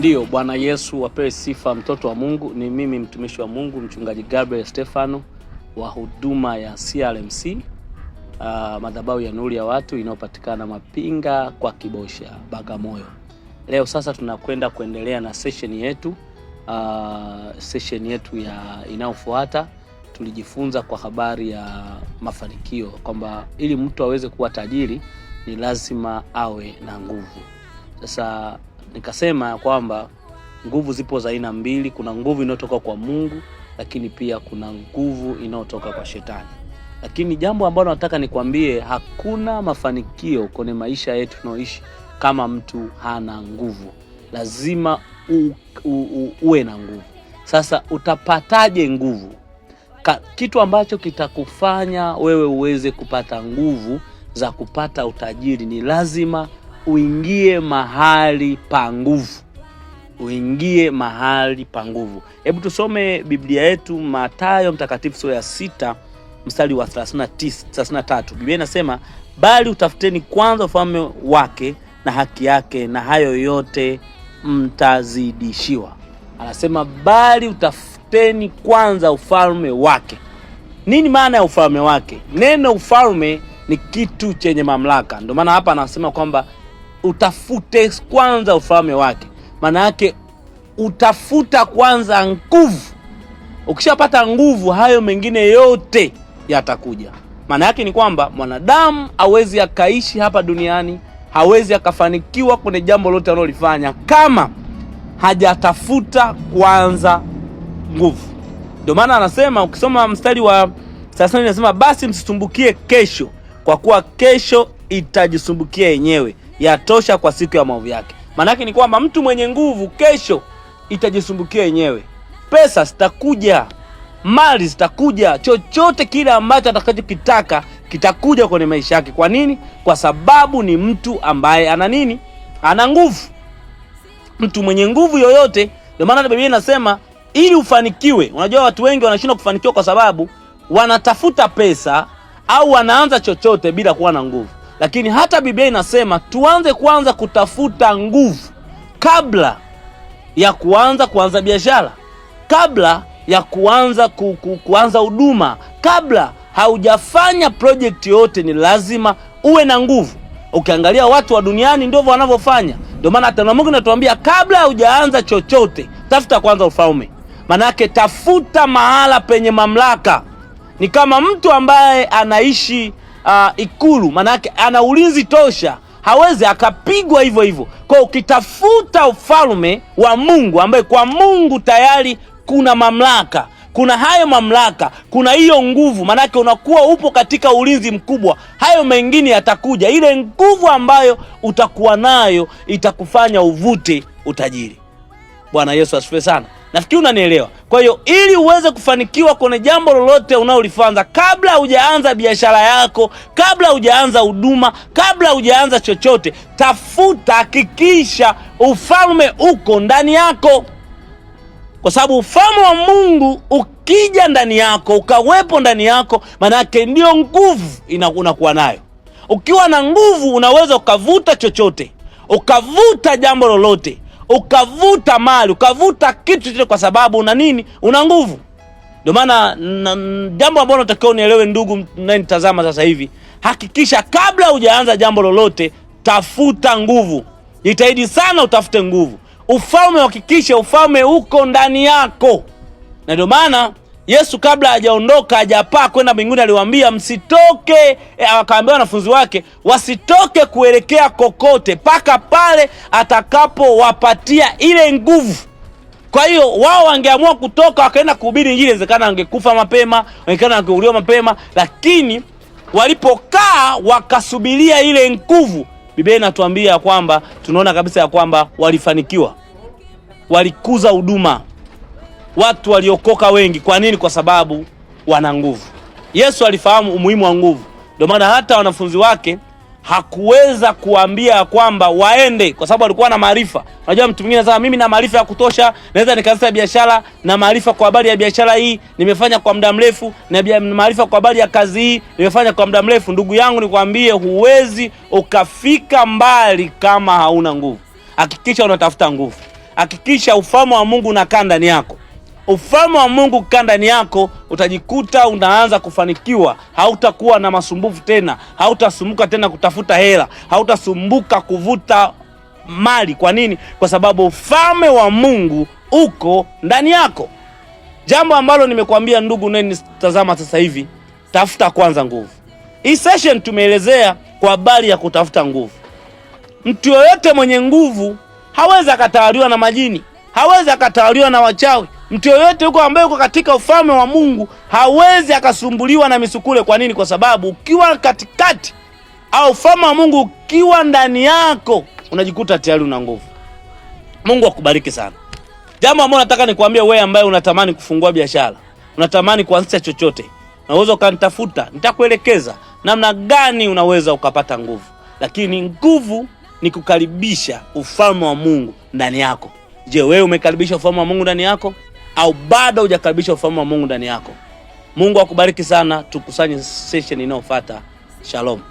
Ndiyo, Bwana Yesu wapewe sifa. Mtoto wa Mungu ni mimi, mtumishi wa Mungu, mchungaji Gabriel Stefano wa huduma ya CRMC uh, ah, madhabahu ya nuru ya watu inayopatikana Mapinga kwa Kibosha, Bagamoyo. Leo sasa tunakwenda kuendelea na session yetu uh, session yetu ya inayofuata tulijifunza kwa habari ya mafanikio kwamba ili mtu aweze kuwa tajiri ni lazima awe na nguvu. Sasa nikasema ya kwamba nguvu zipo za aina mbili, kuna nguvu inayotoka kwa Mungu, lakini pia kuna nguvu inayotoka kwa shetani. Lakini jambo ambalo nataka nikwambie, hakuna mafanikio kwenye maisha yetu tunaoishi kama mtu hana nguvu. Lazima u, u, u, uwe na nguvu. Sasa utapataje nguvu? Ka, kitu ambacho kitakufanya wewe uweze kupata nguvu za kupata utajiri ni lazima uingie mahali pa nguvu, uingie mahali pa nguvu. Hebu tusome Biblia yetu Mathayo Mtakatifu sura ya sita mstari wa 33. Biblia inasema bali utafuteni kwanza ufalme wake na haki yake, na hayo yote mtazidishiwa. Anasema bali utafuteni kwanza ufalme wake. Nini maana ya ufalme wake? Neno ufalme ni kitu chenye mamlaka, ndio maana hapa anasema kwamba utafute kwanza ufalme wake. Maana yake utafuta kwanza nguvu. Ukishapata nguvu, hayo mengine yote yatakuja. Maana yake ni kwamba mwanadamu hawezi akaishi hapa duniani, hawezi akafanikiwa kwenye jambo lote analolifanya kama hajatafuta kwanza nguvu. Ndio maana anasema, ukisoma mstari wa sasa, anasema basi msitumbukie kesho, kwa kuwa kesho itajisumbukia yenyewe yatosha kwa siku ya maovu yake. Maanake ni kwamba mtu mwenye nguvu kesho itajisumbukia yenyewe, pesa zitakuja, mali zitakuja, chochote kile ambacho atakachokitaka kitakuja kwenye maisha yake. Kwa nini? Kwa sababu ni mtu ambaye ana nini? Ana nguvu. Mtu mwenye nguvu yoyote, ndio maana Biblia inasema ili ufanikiwe. Unajua watu wengi wanashindwa kufanikiwa kwa sababu wanatafuta pesa au wanaanza chochote bila kuwa na nguvu. Lakini hata Biblia inasema tuanze kwanza kutafuta nguvu kabla ya kuanza kuanza biashara, kabla ya kuanza ku, ku, kuanza huduma, kabla haujafanya project yote, ni lazima uwe na nguvu. Ukiangalia watu wa duniani ndivyo wanavyofanya. Ndio maana hata Mungu anatuambia kabla haujaanza chochote, tafuta kwanza ufalme. Manake tafuta mahala penye mamlaka. Ni kama mtu ambaye anaishi uh, Ikulu, maanake ana ulinzi tosha, hawezi akapigwa hivyo hivyo. Kwa ukitafuta ufalme wa Mungu ambaye kwa Mungu tayari kuna mamlaka kuna hayo mamlaka, kuna hiyo nguvu, maanake unakuwa upo katika ulinzi mkubwa. Hayo mengine yatakuja, ile nguvu ambayo utakuwa nayo itakufanya uvute utajiri. Bwana Yesu asifiwe sana. Nafikiri unanielewa. Kwa hiyo ili uweze kufanikiwa kwenye jambo lolote unaolifanya, kabla hujaanza biashara yako, kabla hujaanza huduma, kabla hujaanza chochote, tafuta, hakikisha ufalme uko ndani yako, kwa sababu ufalme wa Mungu ukija ndani yako, ukawepo ndani yako, maanake ndiyo nguvu unakuwa nayo. Ukiwa na nguvu, unaweza ukavuta chochote, ukavuta jambo lolote ukavuta mali ukavuta kitu chote, kwa sababu una nini? Una nguvu. Ndio maana jambo ambalo natakiwa unielewe, ndugu nayenitazama sasa hivi, hakikisha kabla hujaanza jambo lolote, tafuta nguvu. Jitahidi sana utafute nguvu. Ufalme, hakikisha ufalme uko ndani yako, na ndio maana Yesu kabla hajaondoka hajapaa kwenda mbinguni aliwaambia msitoke, e, akawaambia wanafunzi wake wasitoke kuelekea kokote mpaka pale atakapowapatia ile nguvu. Kwa hiyo wao wangeamua kutoka wakaenda kuhubiri Injili, inawezekana wangekufa mapema, wangekana wangeuliwa mapema, lakini walipokaa wakasubiria ile nguvu, Biblia inatuambia kwamba tunaona kabisa ya kwamba walifanikiwa, walikuza huduma watu waliokoka wengi. Kwa nini? Kwa sababu wana nguvu. Yesu alifahamu umuhimu wa nguvu, ndio maana hata wanafunzi wake hakuweza kuambia kwamba waende, kwa sababu alikuwa na maarifa. Unajua, mtu mwingine anasema mimi na maarifa ya kutosha, naweza nikaanzisha biashara na maarifa kwa habari ya biashara hii nimefanya kwa muda mrefu, na maarifa kwa habari ya kazi hii nimefanya kwa muda mrefu. Ndugu yangu, nikwambie, huwezi ukafika mbali kama hauna nguvu. Hakikisha unatafuta nguvu, hakikisha ufalme wa Mungu unakaa ndani yako ufalme wa Mungu kaa ndani yako, utajikuta unaanza kufanikiwa. Hautakuwa na masumbufu tena, hautasumbuka tena kutafuta hela, hautasumbuka kuvuta mali. Kwa nini? Kwa sababu ufalme wa Mungu uko ndani yako. Jambo ambalo nimekuambia ndugu unayenitazama sasa hivi, tafuta kwanza nguvu. Hii session tumeelezea kwa habari ya kutafuta nguvu. Mtu yoyote mwenye nguvu hawezi akatawaliwa na majini hawezi akatawaliwa na wachawi. Mtu yoyote huko ambaye uko katika ufalme wa Mungu hawezi akasumbuliwa na misukule. Kwa nini? Kwa sababu ukiwa katikati au ufalme wa Mungu ukiwa ndani yako unajikuta tayari una nguvu. Mungu akubariki sana. Jambo ambalo nataka nikwambie wewe ambaye unatamani kufungua biashara, unatamani kuanzisha chochote, unaweza ukanitafuta, nitakuelekeza namna gani unaweza ukapata nguvu. Lakini nguvu ni kukaribisha ufalme wa Mungu ndani yako. Je, wewe umekaribisha ufalme wa Mungu ndani yako au bado hujakaribisha ufalme wa Mungu ndani yako? Mungu akubariki sana, tukusanye session inayofuata. Shalom.